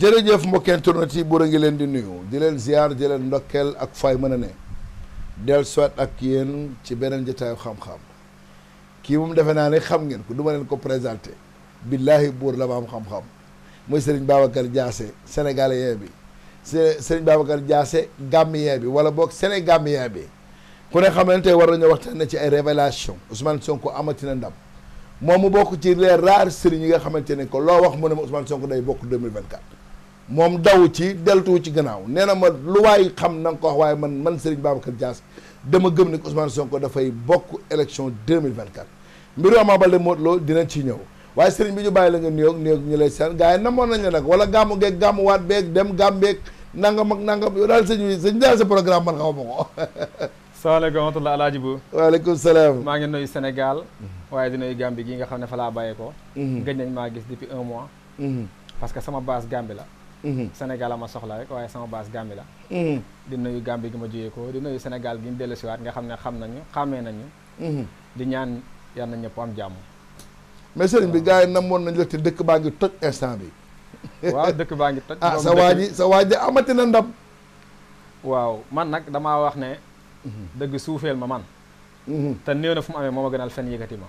jërëjëf mbokki internet yi buur a ngi leen di nuyu di leen ziar di leen ndokkeel ak fay mën a ne del soit ak yéen ci beneen jotaayu xam-xam kii moom defe naa ne xam ngeen ko du ma leen ko présenté billahi buur la ma am xam-xam mooy Serigne Babacar Diassé sénégalais bi Serigne Babacar Diassé gambien bi wala boog sénégambien bi ku ne xam ne tey war nañoo waxtaan ci ay révélation Ousmane Sonko amati na ndam moom mu bokk ci les rares Serigne yi nga ne loo wax mu ne ma Ousmane Sonko day bokk moom daw ci deltuwu ci gannaaw nee na ma lu waay xam na nga ko wax waaye man man Serigne Babacar Dias dama gëm ne Ousmane Sonko dafay bokk election de élection 2024 mbiru Ama Baldé Modou Lo dina ci ñëw waaye Serigne bi ñu bàyyi la nga nuyoog nuyoog ñu lay seen gars yi namoon nañ la nag wala gàmmu geeg gàmmuwaat beeg dem gàmm beeg nangam ak nangam yow sëñ bi sëñ daal sa programme man xaw ma ko. salaamaaleykum wa rahmatulah maa ngi nuyu Sénégal. Mhm. waaye di nuyu Gambie gi nga xam ne fa laa bàyyee ko. Mhm. gëj nañ maa gis depuis un mois. Mhm. parce que sama baas Gambie la. Mm-hmm. Sénégal ma soxla rek waaye sama baas Gambie la mm-hmm. di nuyu Gambie gi ma jógee ko di nuyu senegal gi ñu dellusiwaat nga xam ne xam nañu xàmmee nañu mm-hmm. di ñaan yal na ñëpp am jàmm mais bi gars yi namoon nañu la te dëkk baa ngi toj instant bi waaw ah, sa waa sa waa ji amati na ndam man nag damaa wax ne dëgg suufeel ma man te néew na fu mu amee moo ma gënal fen yëkkati ma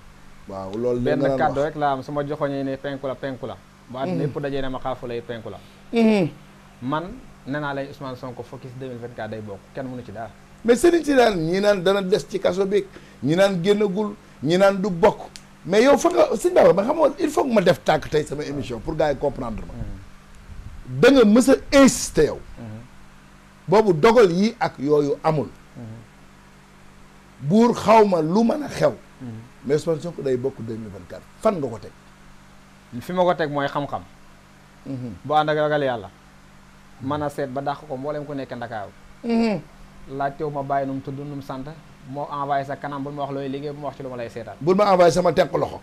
waaw loolu benn kàddu rek laa am su ma joxoñee ne penku la penku la ba àddina dajee ne ma xaafu lay penku la Mhm. man nee naa lay Ousmane Sonko focus 2024 day bokk kenn mënu ci dara. mais sëriñ si naan ñi naan dana des ci kaso beeg ñi naan génnagul ñi naan du bokk mais yow fa nga sëñ xam il faut ma def tàkk tey sama émission pour gars yi comprendre ma. Mhm. da nga mës mhm. dogal yi ak yooyu amul. buur xawma lu mën a xew. mais Ousmane Sonko day bokk 2024 fan nga ko teg. fi ma ko teg mooy xam-xam. Mm-hmm. bu ànd ak ragal yàlla mën a seet ba dàq ko mboolem ko nekk ndakaaru mm-hmm. laajtew ma bàyyi nu mu tudd nu mu sant moo envoyé sa kanam bul ma wax looy liggéey bu ma wax ci lu ma lay seetal bu ma envoyé sama teq loxo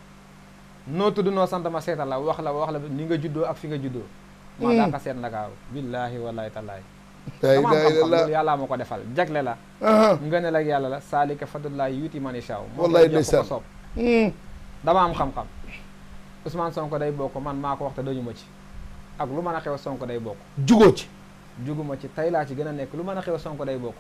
noo tudd noo sant ma seetal la wax la wax la ni nga juddoo ak fi nga juddoo mm-hmm. maa dàq seet ndakaaru billaahi wallaahi tallaahi dama xam yàlla ma ko defal jagle la nga ne la yàlla la saalika fadlullah yuuti man ishaa wallaahi jox ko soob mm. dama am xam-xam Ousmane Sonko day man ko wax te dañu ma ci ak lu mën a xew Sonko day bokk. jugoo ci. juguma ci tey laa ci gën a nekk lu mën a xew Sonko day bokk.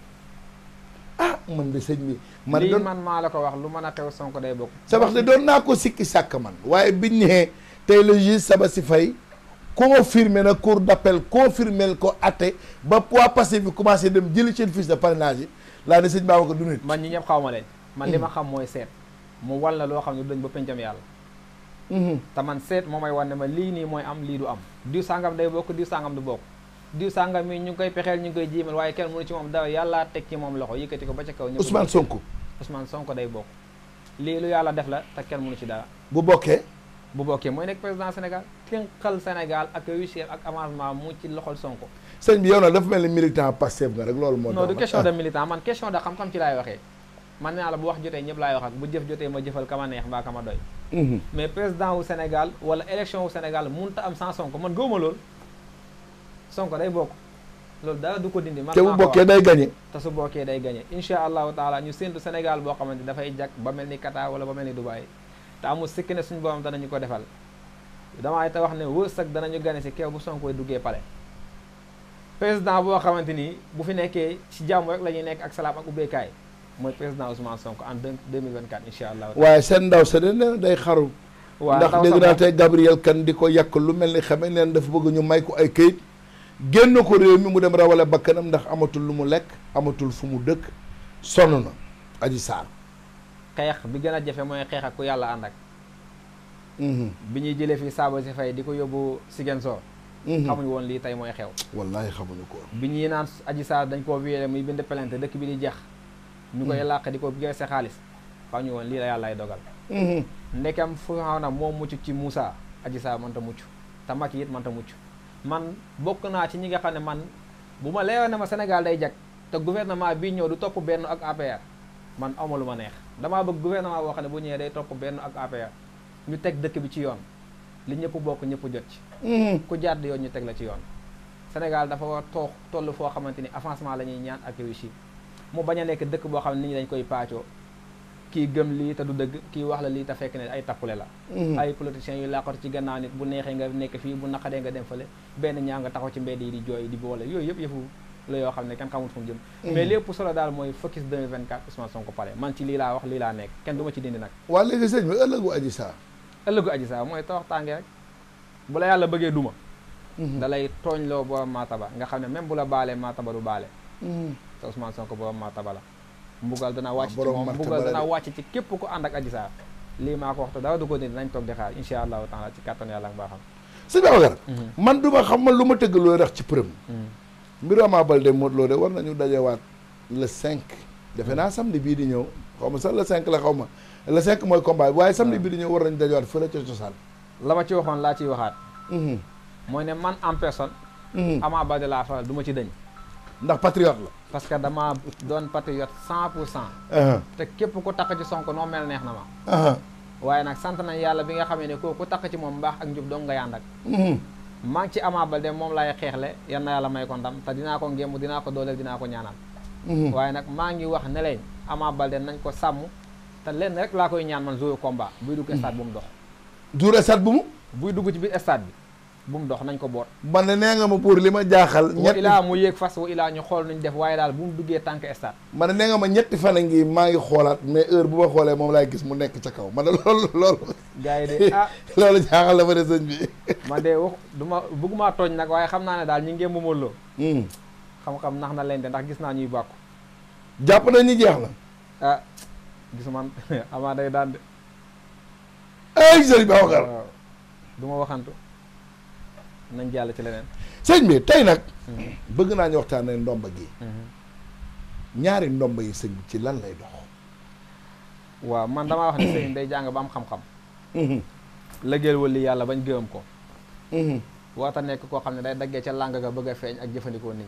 ah man de sëñ bi. man lii man maa la ko wax lu mën a xew Sonko day bokk. sa wax de doon naa ko sikki sàkk man waaye bi nee tey le si Sabassy Faye confirmé na cour d'appel confirmé ko atte ba poids passé bi commencé dem jëli seen fiche de parrainage yi laa ne sëñ Babacar du nit. man ñi ñëpp xaw ma leen. man li ma mm. xam mooy seet. mu wal na loo xam ne dañ ba pencam yàlla. Mm-hmm. te man seet moo may wan ne ma lii nii mooy am lii du am diw sàngam day bokk diw sàngam du bokk diw sàngam mi ñu ngi koy pexeel ñu ngi koy jiimal waaye kenn mënu ci moom dara yàlla teg ci moom loxo yëkkati ko ba ca kaw Ousmane Sonko Ousmane Sonko day bokk lii lu yàlla def la te kenn mënu ci dara bu bokkee bu bokkee mooy nekk président Sénégal tënkal Sénégal ak réussir ak avancement mu ci loxol Sonko sëñ bi yow nag dafa mel ni militant Pastef nga rek man naa la bu wax jotee ñëpp laay wax bu jëf jotee ma jëfal kama neex mbaa kama doy mhm. mais président wu Sénégal wala élection wu Sénégal mënut a am sans Sonko man gëwuma loolu Sonko day bokk loolu dara du ko dindi man te bu bokkee day gañe te su bokkee day gañe incha allahu taala ñu séntu Sénégal boo xamante dafay jag ba mel ni Qatar wala ba mel ni Dubaï te amul sikki ne suñu borom danañu ko defal damaa te wax ne wërsëg danañu gane si keew bu Sonko duggee pale président boo xamante ni bu fi nekkee ci jàmm la ñuy nekk ak salaam ak ubbeekaay mooy président Ousmane Sonko en deux mille vingt quatre incha allah. waaye seen ndaw sa de nee day xaru. ndax dégg naa tey Gabriel Kane di ko yàq lu mel ni xamee neen dafa bëgg ñu may ko ay këyit génn ko réew mi mu dem rawale bakkanam ndax amatul lu mu lekk amatul fu mu dëkk sonn na aji saar xeex bi gën a jafe mooy xeex ak ku yàlla ànd ak mhm. bi ñuy jëlee fii saaba si fay di ko yóbbu Ziguinchor mhm. xamuñu woon lii tey mooy xew wallaahi xamuñu ko bi ñuy naan aji saar dañ koo wiyee muy bind plainte dëkk bi di jeex ñu koy mm. làq di ko jooy xaalis fa ñu woon lii la yàllaay dogal mm-hmm. ndekam Firawna moo mucc ci Moussa Adji Sarr mënta mucc te Macky it mënta mucc man bokk naa ci ñi nga xam ne man bu ma leeroon ne ma Sénégal day jag te gouvernement bi ñëw du topp benn ak APR man amalu ma neex damaa bëgg gouvernement boo xam ne bu ñëwee day topp benn ak APR ñu teg dëkk bi ci yoon li ñëpp bokk ñëpp jot ci mm-hmm. ku jàdd yoon ñu teg la ci yoon Sénégal dafa war a toog toll foo xamante ni avancement la ñuy ñaan ak mu bañ a nekk dëkk boo xam ne nit ñi dañ koy paacoo kii gëm lii te du dëgg kii wax la lii te fekk ne ay tappale la mhm. ay politiciens yu làqatu ci gannaaw nit bu neexee nga nekk fii bu naqadee nga dem fale benn ñaa nga taxaw ci mbedd yi di jooy di boole yooyu yëpp yëfu la yoo xam ne kenn xamul fu mu jëm mhm. mais mooy focus 2024 Ousmane Sonko pare man ci lii laa wax lii laa nekk kenn du ci dindi nag waa léegi sëñ bi ëllëgu Adji Sarr ëllëgu Adji Sarr mooy tawax tànge rek bu la yàlla bëggee duma mhm. da lay tooñ loo boo maataba nga xam ne même bu la baalee maataba du baale te Ousmane Sonko borom martaba la mbugal dana wàcc ci moom mbugal dana wàcc ci képp ku ànd ak Adji lii maa ko wax te dara du ko ni dinañ toog di xaar insha allahu taala ci kattan yàlla ak mbaaxam sëñ Babacar mhm. man du ma xam man lu ma tëgg loolu rex ci përëm mhm. mbiru Ama Baldé Modou Lô de war nañu dajewaat le cinq defe naa samedi bii di ñëw xaw ma sax le cinq la xaw ma le cinq mooy combat waaye samedi bii di ñëw war nañu dajewaat fële ca cosaan la ma ci waxoon laa ciy waxaat mhm. mooy ne man en personne Ama Baldé laa faral du ma ci dëñ ndax patriote la. parce que dama doon patriote cent pour cent. Uh-huh. te képp ku takk ci Sonko noo mel neex na ma. Uh-huh. waaye nag sant nañ yàlla bi nga xamee ne koo ku takk ci moom mbaax ak njub dong nga yànd ak. Mm-hmm. maa ngi ci Ama Baldé moom laay xeexle yan na yàlla may ko te dinaa ko ngémb dinaa ko dooleel dinaa ko ñaanal. Mm-hmm. waaye nag maa ngi wax ne leen Ama Baldé nañ ko sàmm te lenn rek laa koy ñaan man joué combat buy dugg stade bu mu dox. joué stade bu mu. buy dugg ci biir stade bi. bu mu dox nañ ko boot man ne nee nga ma pour li ma jaaxal ñett ilaa mu yéeg fas wa ilaa ñu xool nuñ def waaye daal bu mu duggee tànk stade man ne nee nga ma ñetti fan a ngi maa ngi xoolaat mais heure bu ma xoolee moom laay gis mu nekk ca kaw man ne loolu loolu gars yi de ah loolu jaaxal la ma ne sëñ bi man de wax du ma bëggumaa tooñ nag waaye xam naa ne daal ñu ngeen ma molloo hmm. xam-xam nax na leen de ndax gis naa ñuy bàkku jàpp na ñu jeex la ah gis man amaa day daan de ay sëñ nañ jàll ci leneen. sëñ bi tey nag. Mm-hmm. bëgg naa ñu waxtaanee ndomba gi. Mm-hmm. ñaari ndomba yi sëñ bi ci lan lay dox. waaw man dama wax ne sëñ day jàng ba am xam-xam. Mm-hmm. lëgël wali yàlla bañ gëmam ko. waata nekk koo xam ne day daggee ca làng ga bëgg feeñ ak jëfandikoo nit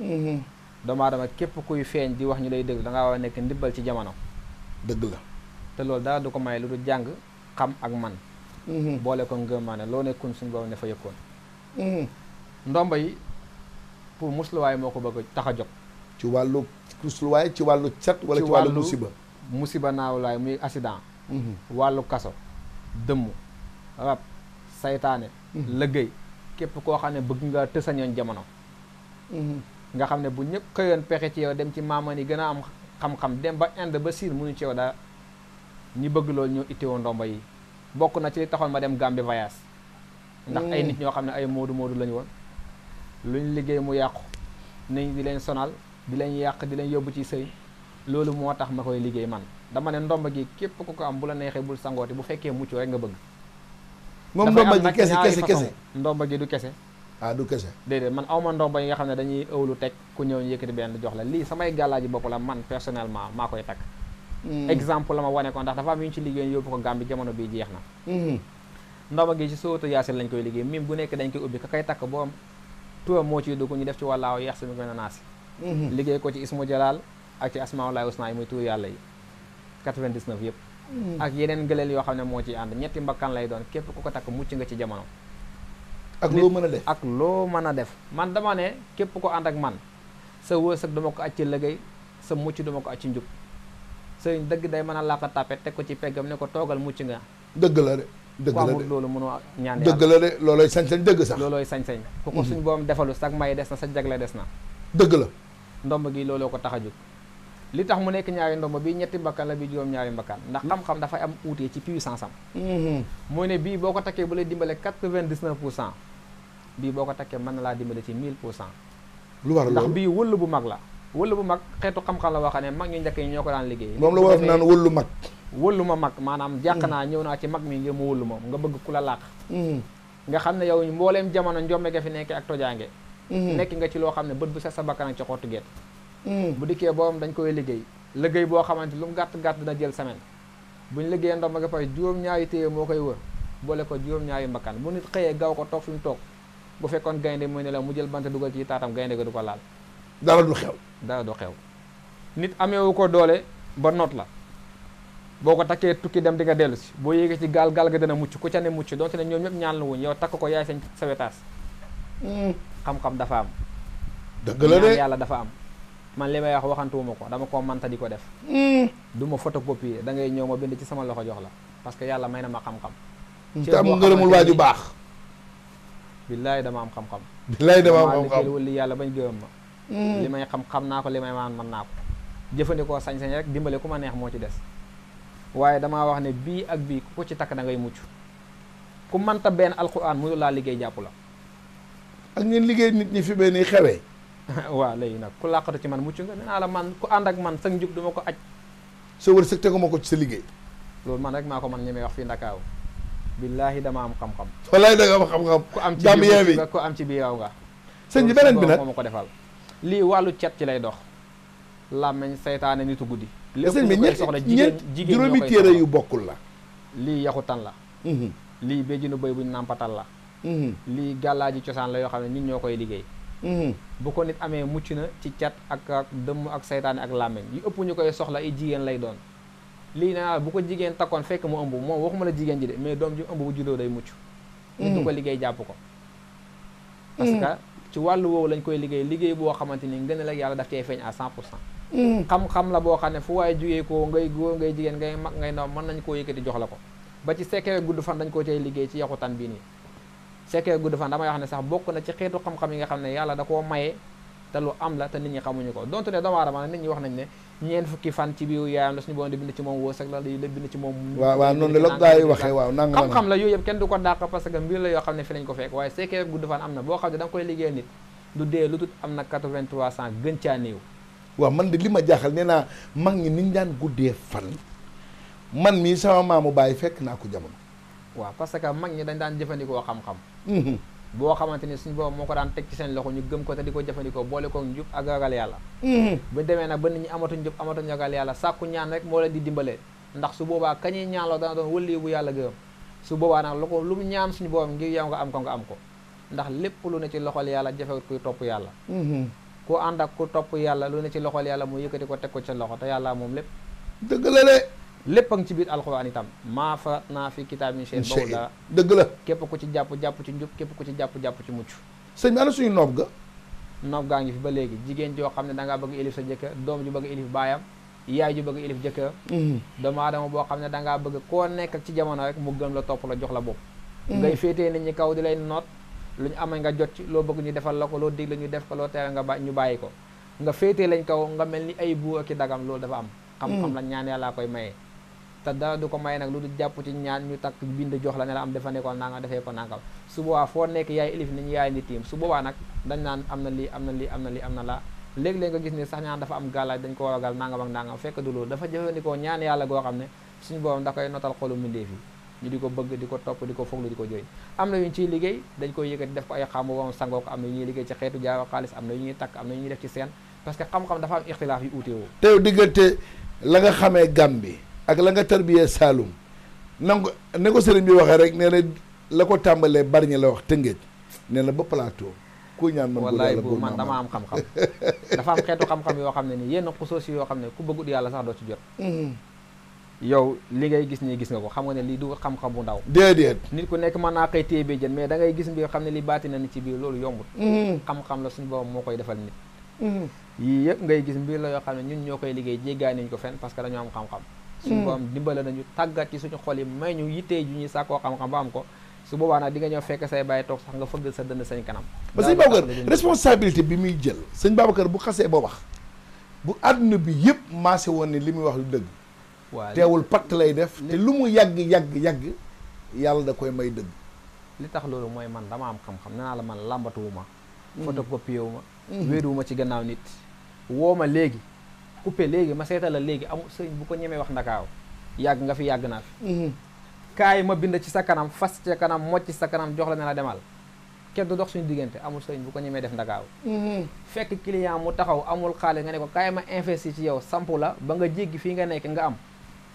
ñi. doomu képp kuy feeñ di wax ñu lay dëgg da ngaa a nekk ndibbal ci jamono. dëgg la. te loolu daal du ko may lu du jàng xam ak man. boole ko ngëmaane loo nekkoon suñ boobu ne fa yëkkoon. Mm-hmm. ndomba yi pour musluwaay moo ko bëgg tax a jóg ci wàllu musluwaay ci wàllu set wala ci wàllu musiba musiba naawulaay muy accident mm-hmm. wàllu kaso dëmm rab saytaane mm-hmm. lëggéey képp koo xam ne bëgg nga tësañoon jamono nga xam ne bu ñëpp xëyoon pexe ci yow dem ci maaman yi gën a am xam-xam dem ba Inde ba Siin mënu ci yow dara ñi bëgg loolu ñoo itteewoo ndomba yi bokk na ci li taxoon ma dem Gambie voyage ndax ay nit hmm. ñoo xam ne ay moodu moodu lañu woon lu ñu liggéey mu yàqu nit ñi di leen sonal di leen yàq di leen yóbbu ci sëy loolu moo tax ma koy liggéey man dama ne ndomba gi képp ku ko am bu la neexee bul sangooti bu fekkee mucc rek nga bëgg moom ndomba gi kese kese kese ndomba gi du kese ah du kese déedéet man awma ndomba yi nga xam ne dañuy ëwlu teg ku ñëw ñu yëkkati benn jox la lii samay gàllaaji bopp la man personnellement maa koy takk hmm. exemple la ma wane ko ndax dafa am yu ñu ci liggéey yóbbu ko Gàmbi jamono bii jeex na hmm. ndaba gi ci sóotu yaasin lañ koy liggéey mim bu nekk dañ koy ubbi ka koy takk boo am turam moo ciy dugg ñu def ci wallaahu yax sami mën a naasi mhm. liggéey ko ci ismu jalaal ak ci asmaulaay usna yi muy tuur yàlla yi yëpp mhm. ak yeneen gëleel yoo xam ne moo ciy ànd ñetti mbakkan lay doon képp ku ko takk mucc nga ci jamono ak loo mën a def ak loo mën a def man dama ne képp ko ànd ak man sa wërsëg duma ko aj ci liggéey sa mucc duma ko aj ci njub sëriñ dëgg day mën a làq tàppe teg ko ci peggam ne ko toogal mucc nga dëgg la dëgg la de loolu mënoo ñaan dëgg la de loolooy sañ-sañ dëgg sax loolooy sañ-sañ mm-hmm. ku ko suñu borom defalu sag may des na sa la des na dëgg la ndomb gi looloo ko tax a jóg li tax mu nekk ñaari ndomb bi ñetti mbakkan la bi juróom ñaari mbakkan ndax mm-hmm. xam-xam dafay am uute ci puissance am mm-hmm. mooy ne bii boo ko takkee bu lay dimbale quatre-vingt-dix-neuf pour cent bii boo ko takkee mën na laa dimbale ci mille pour cent lu war ndax bii wëll bu mag la wëll bu mag xeetu xam-xam la waxane mag ñu njëkk yi ñoo ko daan liggéey moom la wëllu ma mag maanaam jàq mm. naa ñëw naa ci mag mi ngir mu wëllu ma nga bëgg ku la làq mm. nga xam ne yow mbooleem jamono njombe ga fi nekkee ak tojaange mm. nekki nga ci loo xam ne bët bu set sa bakkan ci xottu geet bu dikkee boobam dañ koy liggéey liggéey boo xamante lu mu gàtt-gàtt dina jël semaine buñ liggéeyee ndom ba nga pare juróom-ñaari téye moo koy wër boole ko juróom-ñaari mbakkan bu nit xëyee gaw ko toog fi mu toog bu fekkoon gaynde mooy ne la mu jël bant dugal ci taatam gaynde ga du ko laal dara du xew dara du xew nit ameewu ko doole ba noot la boo ko takkee tukki dem di nga dellu si boo yéegee ci gaal gaal ga dana mucc ku ca ne mucc donte ne ñoom ñëpp ñaan la wuñ yow takk ko yaay sañ sawetaas hmm. dafa am dëgg yàlla dafa am man li may wax waxantuwuma ko dama ko manta di ko def hmm. du ma photocopier da ngay ñëw ma bind ci sama loxo jox la parce que yàlla may na ma xam-xam hmm. te am ngërëmul waaju baax billaay dama am xam-xam billaay dama am yàlla bañ gërëm ma li may xam xam naa ko li may maan mën naa ko jëfandikoo sañ-sañ rek dimbale ku ma neex moo ci des waaye damaa wax ne bii ak bii ku ci takk da ngay mucc ku mënta benn alquran mënu laa liggéey jàpp la ak ngeen liggéey nit ñi fi benn xewee waaw léegi nag ku làqatu ci man mucc nga nee naa la man ku ànd ak man sa njub duma ko aj sa wërsëg tegu ma ko ci sa liggéey loolu man rek maa ko man ñemee wax fii Ndakaaru billaahi dama am xam-xam walaay da nga am xam-xam ku am ci biir ku am ci biir raw nga sëñ beneen bi nag moo ma ko defal lii wàllu cet ci lay dox làmmeñ seytaane nitu guddi lépp lu koy soxla jigéen jigéen ñoo juróomi téere yu bokkul la. lii yaxutan la. Mhm. lii béjjinu béy buñ nàmpatal la. Mhm. lii gàllaaji cosaan la yoo xam ne ñun ñoo koy liggéey. Mhm. bu ko nit amee mucc na ci cat ak ak dëmm ak saytaane ak làmmeñ yu ëpp ñu koy soxla ay jigéen lay doon. lii naa bu ko jigéen takkoon fekk mu ëmb moom waxuma la jigéen ji de mais doom ji ëmb bu juddoo day mucc. nit du ko liggéey jàpp ko. parce que ci wàllu woowu lañ koy liggéey liggéey boo xamante ni ngëneel ak yàlla daf cay feeñ à 100 pour Mm. xam-xam la boo xam ne fu waaye jugee ko ngay góor ngay jigéen ngay mag ngay ndaw mën nañ koo yëkkati jox la ko ba ci sekkee gudd fan dañ liggéey ci yaxutan bii nii sekkee gudd fan damay bokk na ci xeetu xam-xam nga xam ne yàlla da koo maye te lu am la ko donte ne doomu ne ñeent fukki fan ci biir yaayam la suñu ci moom wërsëg la di bind ci moom waaw waaw noonu la ne fi lañ ko fekk waaye sekkee gudd fan am na boo koy liggéey nit du dee lu tut am na 83 cent gën caa néew waaw man de li ma jaaxal nee naa mag ñi niñ daan guddee fan man mii sama maamu bàyyi fekk naa ko jamono. waaw parce que mag ñi dañ daan jëfandikoo xam-xam. Mhm. boo xamante ni suñu boobu moo ko daan teg ci seen loxo ñu gëm ko te di ko jëfandikoo boole ko njub ak ragal yàlla. Mhm. bu demee nag ba nit ñu amatuñ njub amatuñ ragal yàlla sàkku ñaan rek moo leen di dimbalee ndax su boobaa kañuy ñaan la dana doon wëlli bu yàlla gërëm su boobaa nag lu ko lu mu ñaan suñu boobu ngir yow nga am ko nga am ko ndax lépp lu ne ci loxol yàlla jafewut kuy topp yàlla. Mhm. ku ànd ak ku topp yàlla lu ne ci loxol yàlla mu yëkkati ko teg ko ca loxo te yàlla moom lépp dëgg la de lépp a ngi ci biir alxuraan itam maa fa naa fi kitaab min shay bawul dara dëgg la képp ku ci jàpp jàpp ci njub képp ku ci jàpp jàpp ci mucc sëñ bi ana suñu noob ga noob gaa ngi fi ba léegi jigéen joo xam ne da ngaa bëgg ilif sa jëkkër doom ju bëgg ilif baayam yaay ju bëgg ilif jëkkër mm-hmm. doomu aadama boo xam ne da ngaa bëgg koo nekk ci jamono rek mu gëm la topp la jox la bopp mm-hmm. lu ñu amee nga jot ci loo bëgg ñu defal la ko loo digle ñu def ko loo tere nga ba ñu bàyyi ko nga féetee lañ kaw nga mel ni ay buu ak i dagam loolu dafa am xam-xam mm. la ñaan yàllaa koy maye te dara du ko maye nag lu du jàpp ci ñaan ñu takk bind jox la ne la am dafa nekkoon nanga defee ko nangam su boobaa foo nekk yaay ilif nañu ni tiim su boobaa nag dañ naan am na lii am na lii am na lii am na la léeg-léeg nga ni sax ñaan dafa am gàllaaj dañ ko war a gàll nangam ak nangam fekk du loolu dafa jëfandikoo ñaan yàlla goo xam ne suñu borom da koy notal xolu mbindeef yi ñu di ko bëgg di ko topp di ko foglu di ko jooy am na yu ñu ciy liggéey dañ koy yëkkati def ko ay xamu wam sangoo ko am na yu ñuy liggéey ci xeetu jaawa xaalis am na yu ñuy takk am na yu ñuy def ci seen parce xam-xam dafa am la nga xamee Gàmbi ak la nga tarbiyee Saalum nangu ne ko sëriñ bi waxee rek nee na la ko tàmbalee bari ñi la wax tëngéej nee na ba plateau ku ñaan man wallaay bu man dama am xam-xam dafa am xeetu xam-xam yoo xam ne ni yenn xusoos yoo xam ne ku bëggut yàlla sax doo ci jot mm-hmm. yow li ngay gis nii gis nga ko xam nga ne lii du xam-xam bu ndaw déedéet nit ku nekk mën naa xëy téye bee jën mais da ngay gis mbir xam ne li baati na ni biir loolu yombut mm-hmm. xam-xam la suñu borom moo koy defal nit mm-hmm. yii ngay gis mbir la yoo xam ne ñun ñoo koy liggéey jéggaani ñu ko fenn parce que dañoo am xam-xam suñu mm-hmm. borom dimbale nañu tàggat ci suñu xol yi may ñu yittee ju ñuy sàkkoo xam-xam ba am ko su boobaa nag di nga ñëw fekk say bàyyi toog sax nga fëgg sa dënd sañ kanam ba sëñ Babacar responsabilité bi muy jël sëñ Babacar bu xasee ba wax bu àdduna bi yëpp maase woon ne li muy wax lu dëgg teewul patt lay def te lu mu yàgg yàgg yàgg yàlla da koy may dëgg li tax loolu mooy man dama am xam-xam nee naa la man làmbatuwuma photocopie wu ma mhm. mhm. wéeruwuma ci gannaaw nit woo ma léegi kuppe léegi ma seetal la léegi amul sëñ bu ko ñemee wax ndakaaw yàgg nga fi yàgg naa fi mhm. ma bind ci sa kanam fas ca kanam mocc ci sa kanam jox la ne demal kenn dox suñu diggante amul sëriñ bu ko ñemee def ndakaaw fekk client mu taxaw amul xaalis nga ne ko kaay ma investi ci yow samp la ba nga jéggi fii nga nekk nga am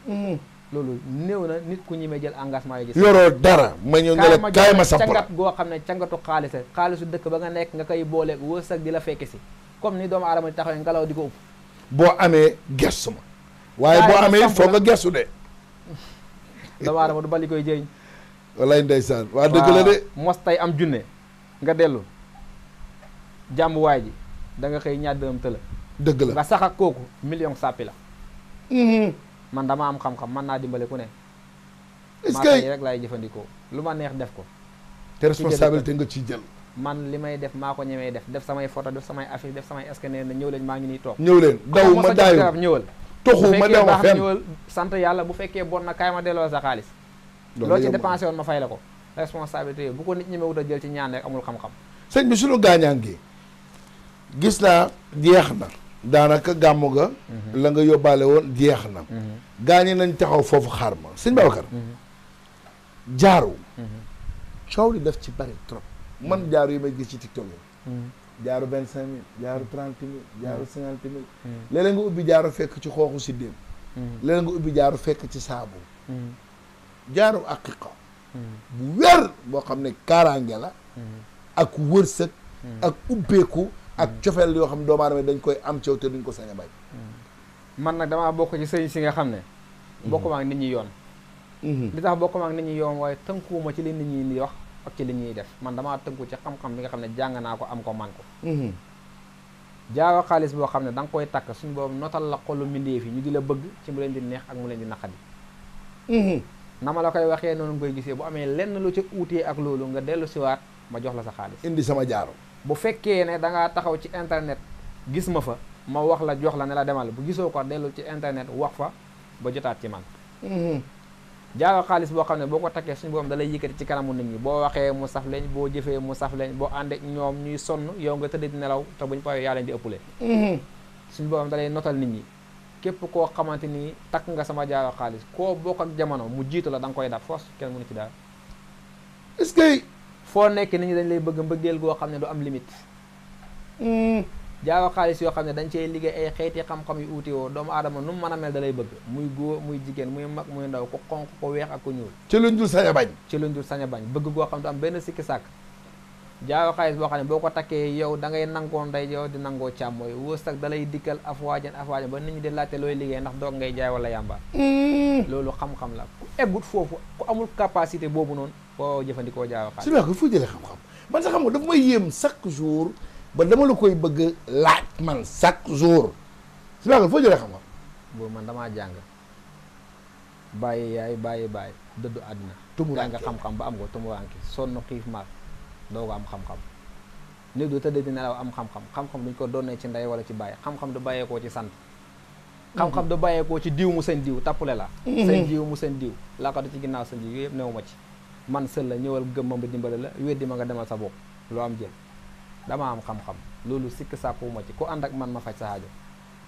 Mm. loolu néew na nit ku ñemee jël engagement yi. yoroo dara ma ñëw ne la kaay ma sampal cangat goo xam ne cangatu xaalis xaalisu dëkk ba nga nekk nga koy booleeg wërsëg di la fekke si comme ni doomu aadama di taxawee ngelaw di ko upp boo amee gestu ma. waaye boo amee foo nga gestu de. doomu aadama du bali koy jëriñ. walaay ndeysaan waa dëgg la de. mos tay am junne nga dellu jàmbuwaay ji danga nga xëy ñaar dërëm dëgg la nga sax ak kooku million sàppi la. Mm-hmm. man dama am xam-xam mën naa dimbale ku ne. est yi rek laay jëfandikoo lu ma neex def ko. te responsabilité nga ci jël. man li may def maa ko ñemee def def samay photo def samay affiche def samay scanner na ñëw leen maa ngi nii toog. ñëw leen daw ma daayu garab ñëwal. toxu ma dew ma sant yàlla bu fekkee bon na kaay ma delloo sa xaalis. loo ci dépensé woon ma fay la ko. responsabilité bu ko nit ñi ma a jël ci ñaan rek amul xam-xam. sëñ bi sunu gaañaan gi gis naa jeex na. daanaka gàmmu ga mhm. la nga yóbbaale woon jeex na gaa mhm. gaañi nañ taxaw foofu xaar ma sëñ Babacar mhm. jaaru coow li def ci bari trop man jaaru yi may gis ci TikTok yi jaaru vingt cinq mille jaaru trente mille jaaru cinquante mille léeg nga ubbi jaaru fekk ci xooxu si déem léeg nga ubbi jaaru fekk ci saabu jaaru aqiqa bu wér boo xam ne kaaraange la ak wërsëg ak ubbeeku ak cofeel yoo xam ne doomu dañ koy am cew te duñ ko sañ a man nag damaa bokk ci sëriñ si nga xam ne mhm. bokkuma ak nit ñi yoon mhm. li tax bokkuma ak nit ñi yoon waaye tënkuwuma ci li nit ñi wax ak ci li ñuy def man damaa tënku ci xam-xam bi nga xam ne jàng naa ko am ko man ko mhm. jaaro xaalis boo xam ne danga koy takk suñu boobu notal la xolu mbindéef yi ñu di la bëgg ci mu leen di neex ak mu leen di naqadi nama la koy waxee noonu mu koy gisee bu amee lenn lu ca uutee ak loolu nga dellu siwaat ma jox la sa xaalis indi sama jaaro bu fekkee ne da taxaw ci internet gis ma fa ma wax la jox la ne la demal bu gisoo ko dellu ci internet wax fa ba jotaat ci man. Mm-hmm. jaaga xaalis boo xam ne boo ko takkee suñ borom dalay lay yëkkati ci kanamu nit ñi boo waxee mu saf leen boo jëfee mu saf boo ànd ñoom ñuy sonn yow nga tëdd di nelaw te buñ pawee yaa leen di ëppale. Mm-hmm. suñu borom da lay nit ñi. képp koo xamante ni takk nga sama jaaga xaalis koo bokk ak jamono mu jiitu la da nga koy dab kenn mënu ci daal. foo nekk nit ñi dañ lay bëgg mbëggeel goo xam ne du am limite hmm. jaaro xaalis yoo xam ne dañ cey liggéey ay xeeti xam-xam yu uute woo doomu adama nu mu mën a mel da bëgg muy góor muy jigéen muy mag muy ndaw ku xonq ku weex ak ko ñuul ci luñ dul sañ bañ ci luñ dul sañ bañ bëgg goo xam ne du am benn sikki sàkk jaaro xaalis boo xam ne boo ko takkee yow da ngay nangoo ndey yow di nangoo càmmooy wërsëg da lay dikkal afwaajan afwaajan ba nit ñi di laajte looy liggéey ndax doog ngay jaay wala yàmba hmm. loolu xam la ku foofu ku amul capacité boobu noonu foo jëfandikoo jaaw xaalis. Sëñ Bakhoum fu jëlee xam-xam man sax xam nga dafa may yéem chaque jour ba dama la koy bëgg laaj man chaque jour Sëñ Bakhoum foo jëlee xam-xam. boobu man damaa jàng bàyyi yaay bàyyi bàyyi dëddu àdduna. tumuranke jàng xam-xam ba am ko tumuranke sonn xiif maar doo ko am xam-xam. nit du tëdd di nelaw am xam-xam xam-xam duñ ko doonee ci ndey wala ci bàyyi xam-xam du bàyyeekoo ci sant. xam-xam du bàyyeekoo ci diw mu seen diw tappule la. Mhm. seen diw mu seen diw laa ci ginnaaw seen diw yooyu yëpp ma ci. man sël la ñëwal gëm ma ba dimbale la weddi ma nga demal sa bopp loo am jël dama am xam-xam loolu sikk sàkku ma ci ku ànd ak man ma faj sa aajo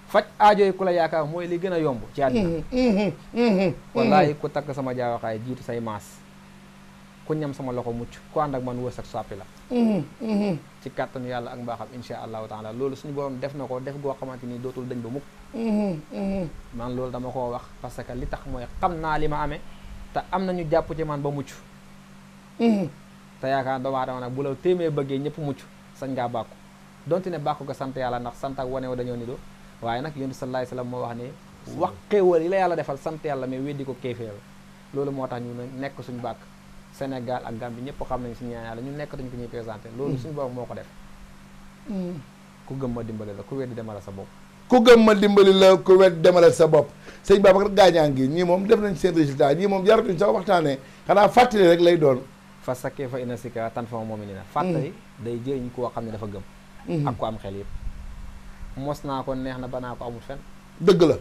faj aajo yi ku la yaakaar mooy li gën a yomb ci àddina wallaahi ku takk sama jaawaxaay jiitu say maas ku ñam sama loxo mucc ku ànd ak man wës ak soppi la ci kàttanu yàlla ak mbaaxam insha allahu taala loolu suñu borom def na ko def goo xamante ni dootul dañ ba mukk man loolu dama koo wax parce que li tax mooy xam naa li ma amee te am nañu jàpp ci man ba mucc te yaakaar doomu aadama nag bu la téeméer bëggee ñëpp mucc sañ ngaa bàkku donte ne bàkku ga sant yàlla ndax sant ak wane wo dañoo nidoo waaye nag yonent sallallahu sa wasallam moo wax ne wax xéewal yi la yàlla defal sant yàlla mais weddi ko kéeféer loolu moo tax ñu nekk suñu bàkk Sénégal ak Gambie ñëpp xam nañu suñu ñaan yàlla ñu nekk dañu ko ñuy présenté loolu mm. suñu borom moo ko def mm. ku gëm ma dimbali la ku weddi demal sa bopp ku gëm ma dimbali la ku wet sa bopp sëñ Babacar Gaañaa ngi ñii moom def nañ seen résultat ñii moom jaratuñ sax waxtaanee xanaa fàttali rek lay doon fa sakkee fa ina sika tan fa moom nii na mm. fàttali day jëriñ koo xam ne dafa gëm mm-hmm. ak ko am xel yëpp mos naa ko neex na ba naa ko amut fen dëgg la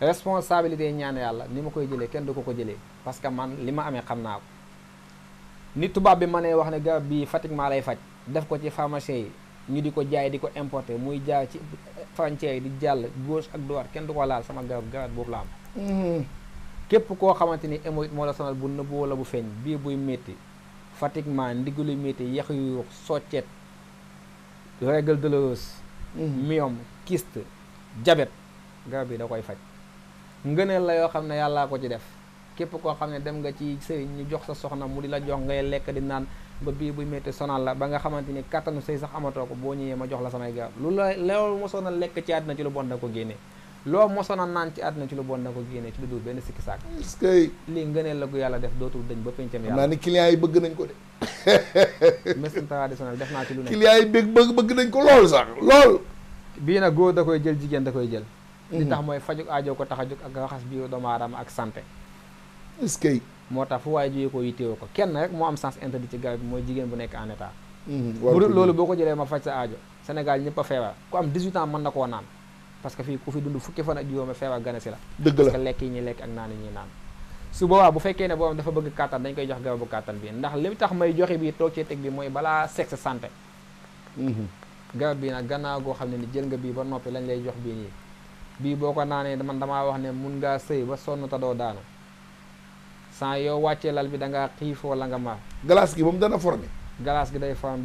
responsabilité ñaane yàlla ni ma koy jëlee kenn du ko ko jëlee parce que man li ma amee xam naa ko ni tubaab bi ma nee wax ne garab bii Fatick maa lay faj def ko ci pharmacie yi ñu di ko jaay di ko importer muy jaar ci frontière yi di jàll gauche ak droite kenn du ko laal sama garab garab boobu la am mm-hmm. képp koo xamante ni émoit bu nëbbu wala bu métti fatiguement ndigg lu métti yax yu soccet règle douloureuse mhm. myome kyste jabet garab yi da koy faj ngëneel la yoo xam ne yàllaa ko ci def képp koo xam ne dem nga ci sëriñ ñu jox sa soxna mu di la jox ngay lekk di naan ba bii buy métti sonal la ba nga xamante ni kattanu sëy sax amatoo ko boo ñëwee ma jox la samay garab lu la loolu mosoon a lekk ci àddina ci lu bon da ko génnee loo mosoon a naan ci àdduna ci lu bon na ko génne ci lu dul benn sikki sàkk est-ce que lii ngëneel la yàlla def dootul dañ ba pencam yàlla naa ni clients yi bëgg nañ ko de médecine traditionnelle def naa ci lu ne clients yi bëgg bëgg bëgg nañ ko lool sax lool bii nag góor da koy jël jigéen da koy jël li hmm. tax mooy fajuk ajoo ko tax a jóg ak raxas biiru doomu aadama ak sante est moo tax fu waaye jógee ko yitteewoo ko kenn rek moo am sens interdit ci garab bi mooy jigéen bu nekk en état hmm, hmm, bu dul ko jëlee ma faj sa aajo ñëpp a feebar ku am mën na koo naan parce que fii ku fi dund fukki fan ak juróom feebar gane si la dëgg la parce que lekk yi ñuy lekk ak naan yi ñuy naan su boobaa bu fekkee ne boobam dafa bëgg kàttan dañ koy jox garabu kàttan bi ndax li tax may joxe bi toog cee teg bi mooy balaa sexe santé mhm. garab bii nag gannaaw goo xam ne ni jël nga bii ba noppi lañ lay jox bii nii bii boo ko naanee man damaa wax ne mun ngaa sëy ba sonn ta doo daanu sans yow wàccee lal bi da ngaa xiifoo la nga ma glace gi moom dana formé glace gi day formé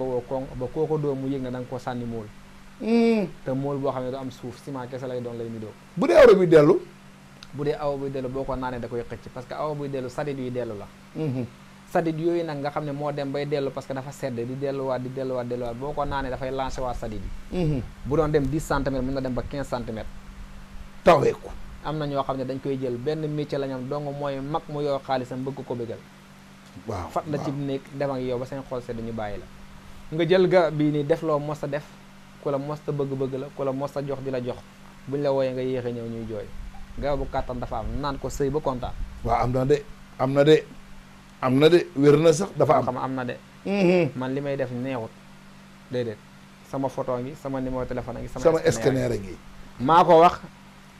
ba ko dóor mu yëg na da nga ko sànni mool Hmm. te mool boo xam ne du am suuf ciment kese lay doon lay nidoo bu dee awra buy dellu bu dee awa buy dellu boo ko naanee da koy xëcc parce que awa buy dellu sadit yuy dellu la hmm. sadit yooyu nag nga xam ne moo dem bay dellu parce que dafa sedd di delluwaat di delluwaat delluwaat boo ko naanee dafay lancé waat sadit yi hmm. bu doon dem 10 centimètres mën na dem ba 15 centimètres taweeku am na ñoo xam ne dañ koy jël benn métier la ñam dong mooy mag mu yoo xaalisam ko bëggal waaw fat la ci néeg dem ak yow ba seen la nga jël garab bii nii def loo mos a def ku la mos ta bëgg-bëgg la ku la mos ta jox di la jox buñ la wooyee nga yéexe ñëw ñuy jooy garab bu kàttan dafa am naan ko sëy ba kontaan waa am na de am na de am na de wér na sax dafa am xam am na de mm-hmm. man li may def neexut déedéet sama photo ngi sama numéro téléphone a ngi sama scanner a ngi maa ko wax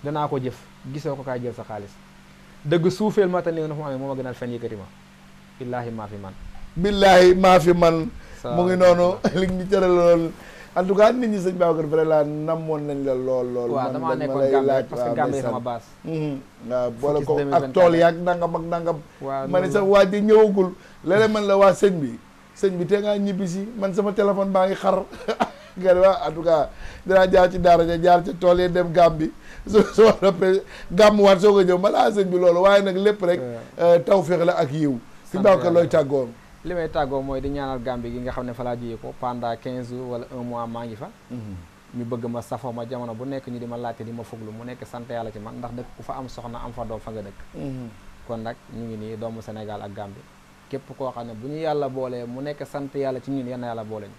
danaa ko jëf gisoo ko kaa jël sa xaalis dëgg suufeel ma te nii na amee moom a gënal fen yëkkati ma billaahi maa fi man billaahi maa fi man mu ngi noonu li en tout cas nit ñi sëñ Babacar vraiment namoon nañ la lool lool. waaw damaa nekkoon Gambie parce que Gambie sama base. Mm-hmm. waaw boole ko ak tool yaag nangam ak nangam. waaw ma ne sax waa ji ñëwagul. léeg man la waa sëñ bi sëñ bi te ngaa ñibbi si man sama téléphone baa ngi xar nga ne waa en tout cas dinaa jaar ci daara ja jaar ci tool yi dem Gambie. soo soo rappee gàmmuwaat soo ko ñëw balaa ah, sëñ bi loolu waaye nag lépp rek. Euh, tawféex la ak yiw. si yàlla si looy tàggoon. li may tàggoo mooy di ñaanal Gambie gi nga xam ne fa laa jiyee ko pendant 15 jours wala un mois maa ngi fa. Mhm. ñu bëgg ma safoo ma jamono bu nekk ñu di ma laajte di ma foglu mu nekk sant yàlla ci man ndax dëkk ku fa am soxna am fa doom fa nga dëkk. Mhm. kon nag ñu ngi nii doomu Sénégal ak Gambie képp koo xam ne bu ñu yàlla boolee mu nekk sant yàlla ci ñun yenn yàlla boole ñu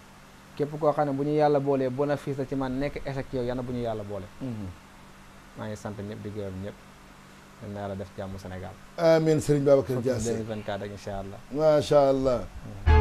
képp koo xam ne bu ñu yàlla boolee bénéfice la ci man nekk échec yow yana bu ñu yàlla boole. Mhm. maa ngi sant ñëpp di gërëm ñëpp. na yàlla def jàmm Sénégal. amiin Serigne Babacar Dia. 2024 ak incha allah. macha allah.